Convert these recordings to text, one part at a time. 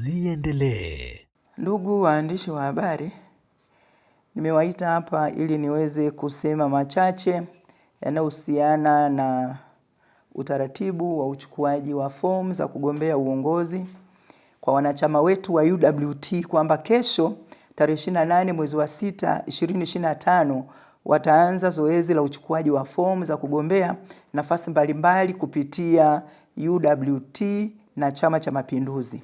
ziendelee. Ndugu waandishi wa habari, nimewaita hapa ili niweze kusema machache yanayohusiana na utaratibu wa uchukuaji wa fomu za kugombea uongozi kwa wanachama wetu wa UWT kwamba kesho tarehe 28 mwezi wa 6 2025 wataanza zoezi la uchukuaji wa fomu za kugombea nafasi mbalimbali kupitia UWT na Chama cha Mapinduzi.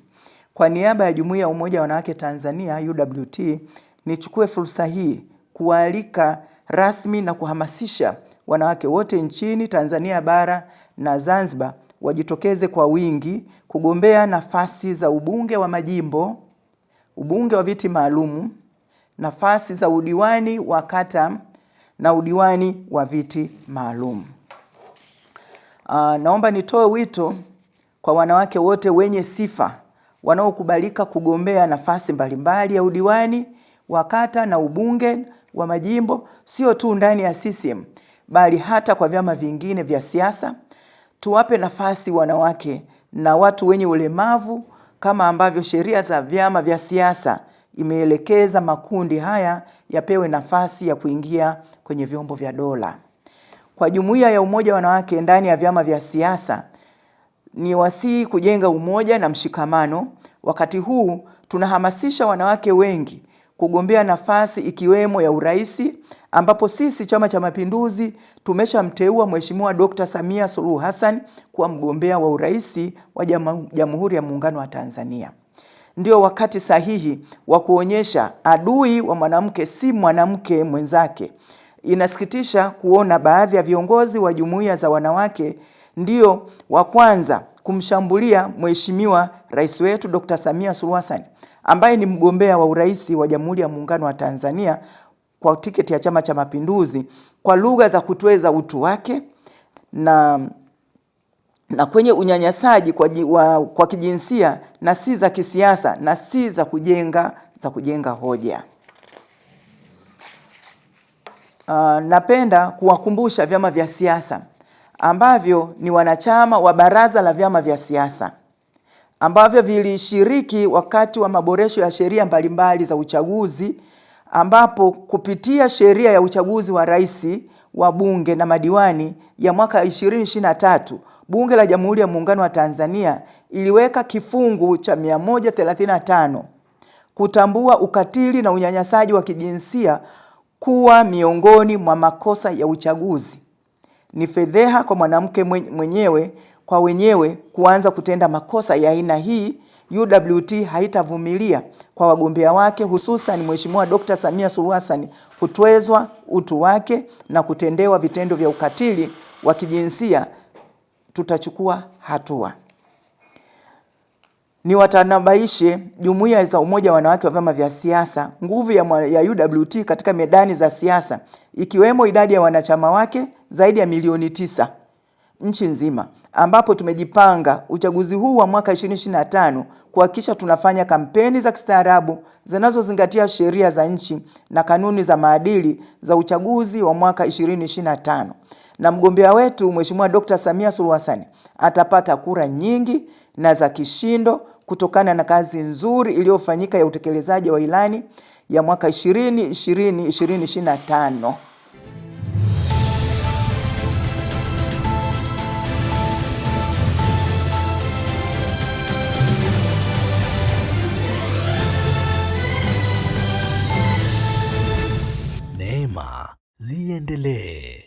Kwa niaba ya Jumuiya ya Umoja wa Wanawake Tanzania UWT, nichukue fursa hii kuwaalika rasmi na kuhamasisha wanawake wote nchini Tanzania bara na Zanzibar wajitokeze kwa wingi kugombea nafasi za ubunge wa majimbo, ubunge wa viti maalum, nafasi za udiwani wa kata na udiwani wa viti maalum. naomba nitoe wito kwa wanawake wote wenye sifa wanaokubalika kugombea nafasi mbalimbali ya udiwani wa kata na ubunge wa majimbo, sio tu ndani ya CCM bali hata kwa vyama vingine vya siasa. Tuwape nafasi wanawake na watu wenye ulemavu kama ambavyo sheria za vyama vya siasa imeelekeza makundi haya yapewe nafasi ya kuingia kwenye vyombo vya dola. Kwa jumuiya ya umoja wanawake ndani ya vyama vya siasa ni wasii kujenga umoja na mshikamano. Wakati huu tunahamasisha wanawake wengi kugombea nafasi ikiwemo ya urais, ambapo sisi Chama cha Mapinduzi tumeshamteua Mheshimiwa Dr. Samia Suluhu Hassan kuwa mgombea wa uraisi wa Jamhuri ya Muungano wa Tanzania. Ndio wakati sahihi wa kuonyesha adui wa mwanamke si mwanamke mwenzake. Inasikitisha kuona baadhi ya viongozi wa jumuiya za wanawake ndio wa kwanza kumshambulia Mheshimiwa Rais wetu Dr. Samia Suluhu Hassan ambaye ni mgombea wa urais wa Jamhuri ya Muungano wa Tanzania kwa tiketi ya Chama cha Mapinduzi kwa lugha za kutweza utu wake na na kwenye unyanyasaji kwa, wa, kwa kijinsia na si za kisiasa na si za kujenga za kujenga hoja. Uh, napenda kuwakumbusha vyama vya siasa ambavyo ni wanachama wa Baraza la Vyama vya Siasa ambavyo vilishiriki wakati wa maboresho ya sheria mbalimbali za uchaguzi ambapo kupitia sheria ya uchaguzi wa rais wa bunge na madiwani ya mwaka 2023 Bunge la Jamhuri ya Muungano wa Tanzania iliweka kifungu cha 135 kutambua ukatili na unyanyasaji wa kijinsia kuwa miongoni mwa makosa ya uchaguzi ni fedheha kwa mwanamke mwenyewe kwa wenyewe kuanza kutenda makosa ya aina hii. UWT haitavumilia kwa wagombea wake hususan Mheshimiwa Dr. Samia Suluhu Hassan kutwezwa utu wake na kutendewa vitendo vya ukatili wa kijinsia. Tutachukua hatua niwatanabaishe jumuiya za umoja wa wanawake wa vyama vya siasa nguvu ya, ya UWT katika medani za siasa ikiwemo idadi ya wanachama wake zaidi ya milioni tisa nchi nzima, ambapo tumejipanga uchaguzi huu wa mwaka 2025 kuhakikisha tunafanya kampeni za kistaarabu zinazozingatia sheria za nchi na kanuni za maadili za uchaguzi wa mwaka 2025 na mgombea wetu Mheshimiwa Dr. Samia Suluhu Hassan atapata kura nyingi na za kishindo kutokana na kazi nzuri iliyofanyika ya utekelezaji wa ilani ya mwaka 2020 2025. Neema ziendelee.